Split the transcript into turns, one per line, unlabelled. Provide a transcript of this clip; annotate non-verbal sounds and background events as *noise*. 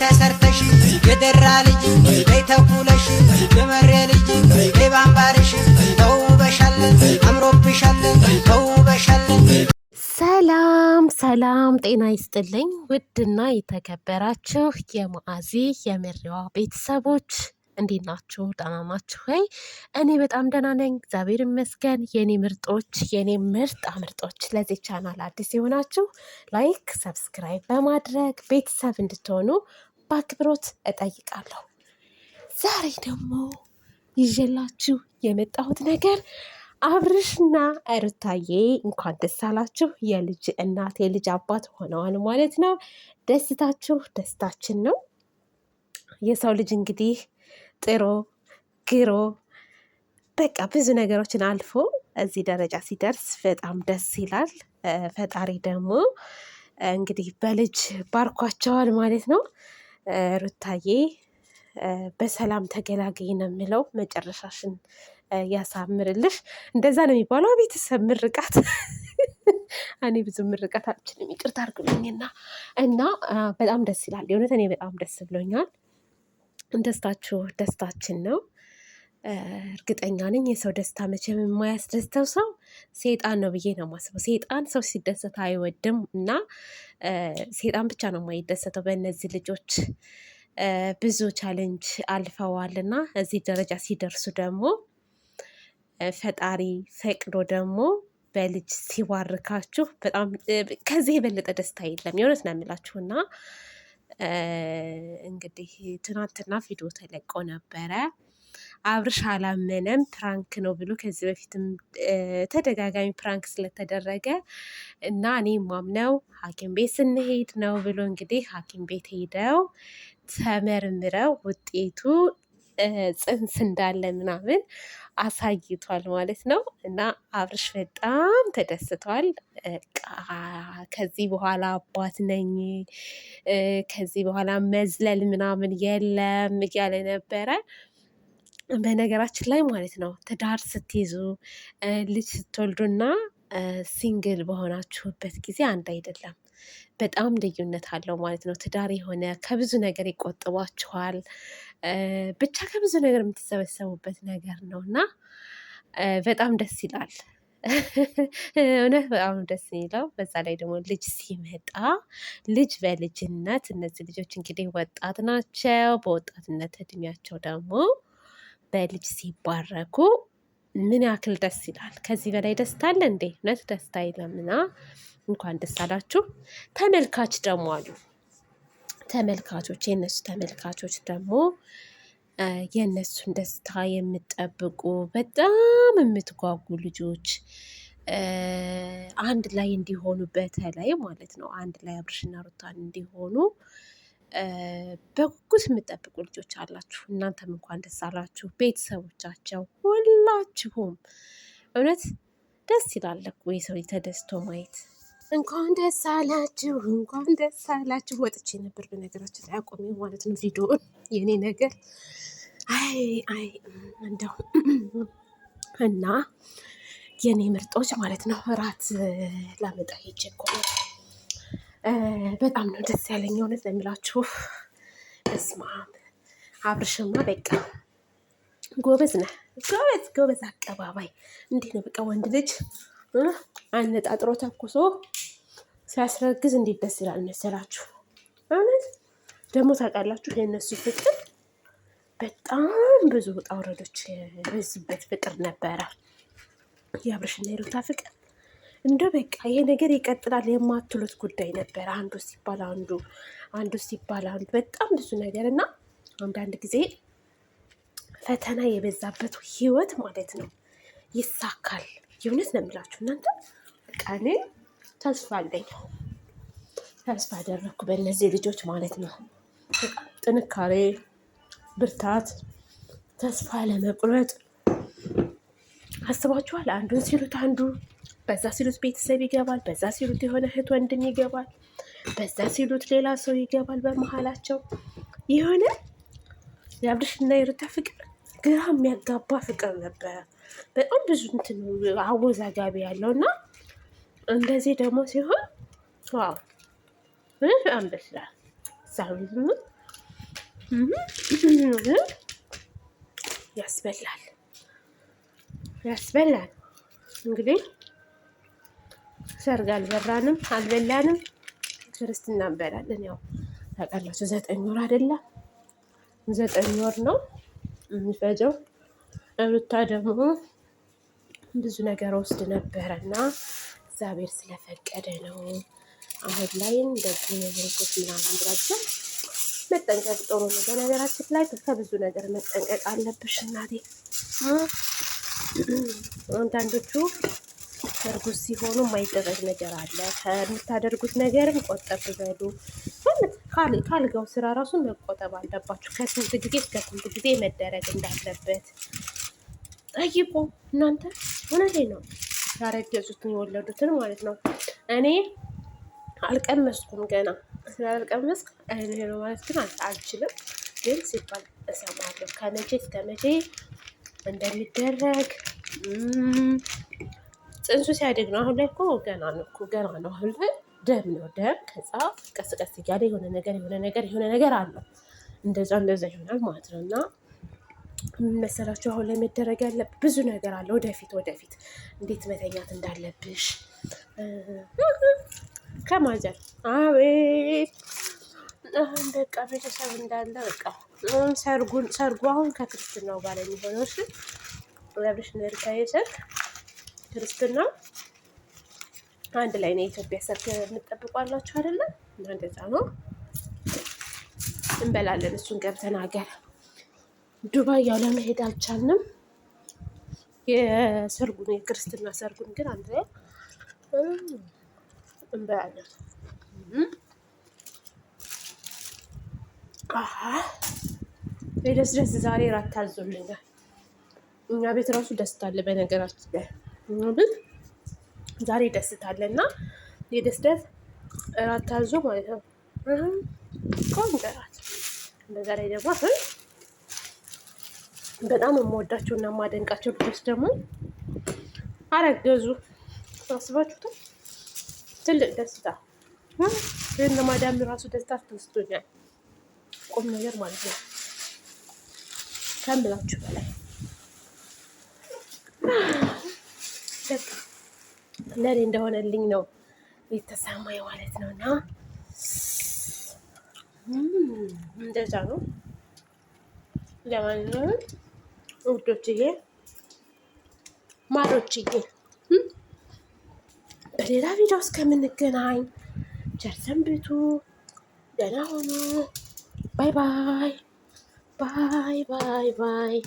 ተሰርተሽ የደራ ልጅ ተኩለሽ የመሬ ልጅ ባንባርሽ ተውበሻለን፣ አምሮብሻለን፣ ተውበሻለን።
ሰላም ሰላም፣ ጤና ይስጥልኝ ውድና የተከበራችሁ የማአዚ የመሪዋ ቤተሰቦች እንዴት ናችሁ? ደህና ናችሁ ወይ? እኔ በጣም ደህና ነኝ፣ እግዚአብሔር ይመስገን። የኔ ምርጦች፣ የኔ ምርጥ ምርጦች፣ ለዚህ ቻናል አዲስ የሆናችሁ ላይክ፣ ሰብስክራይብ በማድረግ ቤተሰብ እንድትሆኑ በአክብሮት እጠይቃለሁ። ዛሬ ደግሞ ይዤላችሁ የመጣሁት ነገር አብርሽና እርታዬ እንኳን ደስ አላችሁ። የልጅ እናት የልጅ አባት ሆነዋል ማለት ነው። ደስታችሁ ደስታችን ነው። የሰው ልጅ እንግዲህ ጥሮ ግሮ በቃ ብዙ ነገሮችን አልፎ እዚህ ደረጃ ሲደርስ በጣም ደስ ይላል። ፈጣሪ ደግሞ እንግዲህ በልጅ ባርኳቸዋል ማለት ነው። ሩታዬ በሰላም ተገላገይ ነው የምለው። መጨረሻሽን ያሳምርልሽ። እንደዛ ነው የሚባለው ቤተሰብ ምርቃት። *laughs* እኔ ብዙ ምርቃት አልችልም፣ ይቅርታ አድርጉልኝና እና በጣም ደስ ይላል የእውነት እኔ በጣም ደስ ብሎኛል። ደስታችሁ ደስታችን ነው። እርግጠኛ ነኝ የሰው ደስታ መቼም የማያስደስተው ሰው ሴጣን ነው ብዬ ነው ማስበው። ሴጣን ሰው ሲደሰት አይወድም እና ሴጣን ብቻ ነው የማይደሰተው። በእነዚህ ልጆች ብዙ ቻሌንጅ አልፈዋል እና እዚህ ደረጃ ሲደርሱ ደግሞ ፈጣሪ ፈቅዶ ደግሞ በልጅ ሲባርካችሁ በጣም ከዚህ የበለጠ ደስታ የለም። የእውነት ነው የምላችሁና እንግዲህ ትናንትና ቪዲዮ ተለቆ ነበረ። አብርሽ አላመነም። ፕራንክ ነው ብሎ ከዚህ በፊትም ተደጋጋሚ ፕራንክ ስለተደረገ እና እኔ ማምነው ሐኪም ቤት ስንሄድ ነው ብሎ እንግዲህ ሐኪም ቤት ሄደው ተመርምረው ውጤቱ ጽንስ እንዳለ ምናምን አሳይቷል ማለት ነው። እና አብርሽ በጣም ተደስቷል። ከዚህ በኋላ አባት ነኝ፣ ከዚህ በኋላ መዝለል ምናምን የለም እያለ ነበረ። በነገራችን ላይ ማለት ነው ትዳር ስትይዙ ልጅ ስትወልዱና ሲንግል በሆናችሁበት ጊዜ አንድ አይደለም። በጣም ልዩነት አለው ማለት ነው። ትዳር የሆነ ከብዙ ነገር ይቆጥባችኋል። ብቻ ከብዙ ነገር የምትሰበሰቡበት ነገር ነው እና በጣም ደስ ይላል። *laughs* እውነት በጣም ደስ የሚለው በዛ ላይ ደግሞ ልጅ ሲመጣ ልጅ በልጅነት እነዚህ ልጆች እንግዲህ ወጣት ናቸው። በወጣትነት እድሜያቸው ደግሞ በልጅ ሲባረኩ ምን ያክል ደስ ይላል። ከዚህ በላይ ደስታ አለ እንዴ? እውነት ደስታ የለምና እንኳን ደስ አላችሁ። ተመልካች ደግሞ አሉ ተመልካቾች የእነሱ ተመልካቾች ደግሞ የእነሱን ደስታ የምጠብቁ በጣም የምትጓጉ ልጆች አንድ ላይ እንዲሆኑ በተለይ ማለት ነው አንድ ላይ አብርሽና ሩታን እንዲሆኑ በጉጉት የምጠብቁ ልጆች አላችሁ። እናንተም እንኳን ደስ አላችሁ፣ ቤተሰቦቻቸው ሁላችሁም። እውነት ደስ ይላል እኮ የሰው ተደስቶ ማየት። እንኳን ደስ አላችሁ፣ እንኳን ደስ አላችሁ። ወጥቼ ነበር በነገራችን ላይ አቆሚ ማለት ነው ቪዲዮን የኔ ነገር አይ አይ እንደው እና የኔ ምርጦች ማለት ነው እራት ላመጣ ሄጄ እኮ በጣም ነው ደስ ያለኝ እውነት ለሚላችሁ እስማ አብርሽማ በቃ ጎበዝ ነህ፣ ጎበዝ ጎበዝ አቀባባይ እንዲህ ነው በቃ ወንድ ልጅ አነጣጥሮ ተኩሶ ሲያስረግዝ እንዴት ደስ ይላል መሰላችሁ? እውነት ደግሞ ታውቃላችሁ የእነሱ ፍቅር በጣም ብዙ ውጣ ውረዶች የበዙበት ፍቅር ነበረ። የአብርሽና የሩታ ፍቅር እንደ በቃ ይሄ ነገር ይቀጥላል የማትሉት ጉዳይ ነበረ። አንዱ ሲባል አንዱ አንዱ ሲባል አንዱ በጣም ብዙ ነገር እና አንዳንድ ጊዜ ፈተና የበዛበት ህይወት ማለት ነው ይሳካል የእውነት ነው የምላችሁ እናንተ ቀኔ ተስፋ አለኝ። ተስፋ አደረግኩ በእነዚህ ልጆች ማለት ነው። ጥንካሬ፣ ብርታት፣ ተስፋ ለመቁረጥ አስባችኋል። አንዱን ሲሉት አንዱ በዛ ሲሉት ቤተሰብ ይገባል። በዛ ሲሉት የሆነ እህት ወንድም ይገባል። በዛ ሲሉት ሌላ ሰው ይገባል በመሀላቸው የሆነ የአብርሽና የሩታ ፍቅር ግራ የሚያጋባ ፍቅር ነበረ። በጣም ብዙ እንትን አወዛጋቢ ያለው እና እንደዚህ ደግሞ ሲሆን ዋው በጣም ደስ ይላል። ያስበላል ያስበላል። እንግዲህ ሰርግ አልበራንም አልበላንም፣ ክርስትና እንበላለን። ያው ታውቃላችሁ ዘጠኝ ወር አይደለም ዘጠኝ ወር ነው የሚፈጀው። ሩታ ደግሞ ብዙ ነገር ውስጥ ነበረ እና እግዚአብሔር ስለፈቀደ ነው። አሁን ላይ እንደዚህ ነገሮች ምናምን ብላቸው መጠንቀቅ ጥሩ ነው። በነገራችን ላይ ከብዙ ነገር መጠንቀቅ አለብሽ እናቴ። አንዳንዶቹ እርጉዝ ሲሆኑ የማይደረግ ነገር አለ። ከምታደርጉት ነገርም ቆጠብ በሉ። ካልጋው ስራ ራሱን መቆጠብ አለባችሁ። ከስንት ጊዜ እስከ ስንት ጊዜ መደረግ እንዳለበት ጠይቁ እናንተ። እውነቴ ነው ያረገዙትን የወለዱትን ማለት ነው። እኔ አልቀመስኩም ገና ስላልቀመስኩ ነው ማለት ግን አልችልም፣ ግን ሲባል እሰማለሁ ከመቼ እስከ መቼ እንደሚደረግ ጽንሱ ሲያደግ ነው። አሁን ላይ እኮ ገና ነው እኮ ገና ነው። አሁን ላይ ደም ነው ደም፣ ከዛ ቀስ ቀስ እያለ የሆነ ነገር የሆነ ነገር የሆነ ነገር አለው እንደዛ እንደዛ ይሆናል ማለት ነው እና መሰላችሁ አሁን ላይ መደረግ ያለ ብዙ ነገር አለ። ወደፊት ወደፊት እንዴት መተኛት እንዳለብሽ ከማዘር አቤት በቃ ቤተሰብ እንዳለ በቃ ሰርጉን ሰርጉ አሁን ከክርስትናው ጋር የሚሆነው እሺ፣ ለብሽ ነርካዬ ሰርግ ክርስትናው አንድ ላይ ነው። የኢትዮጵያ ሰርግ የምጠብቋላችሁ አይደለም? እንደዛ ነው። እንበላለን። እሱን ገብተን ሀገር ዱባይ ያለ መሄድ አልቻልንም። የሰርጉን የክርስትና ሰርጉን ግን አንድ ላይ እንበያለን። የደስደስ ዛሬ ራት ታዞልኛል። እኛ ቤት ራሱ ደስታ አለ። በነገራችን ላይ ግን ዛሬ ደስታ አለ እና የደስደስ ራት ታዞ ማለት ነው። ቆንጆ ራት በዛ ላይ ደግሞ በጣም የምወዳቸው እና የማደንቃቸው ልጆች ደግሞ አረገዙ። አስባችሁታል? ትልቅ ደስታ። ይህን ለማዳም ራሱ ደስታ ትወስዶኛል። ቁም ነገር ማለት ነው ከምላችሁ በላይ ለእኔ እንደሆነልኝ ነው የተሰማኝ ማለት ነው። እና እንደዛ ነው ለማንኛውም ውዶችዬ ማሮችዬ በሌላ ቪዲዮ እስከምንገናኝ ቸር ሰንብቱ። ደህና ሆኑ። ባይ ባይ ባይ ባይ ባይ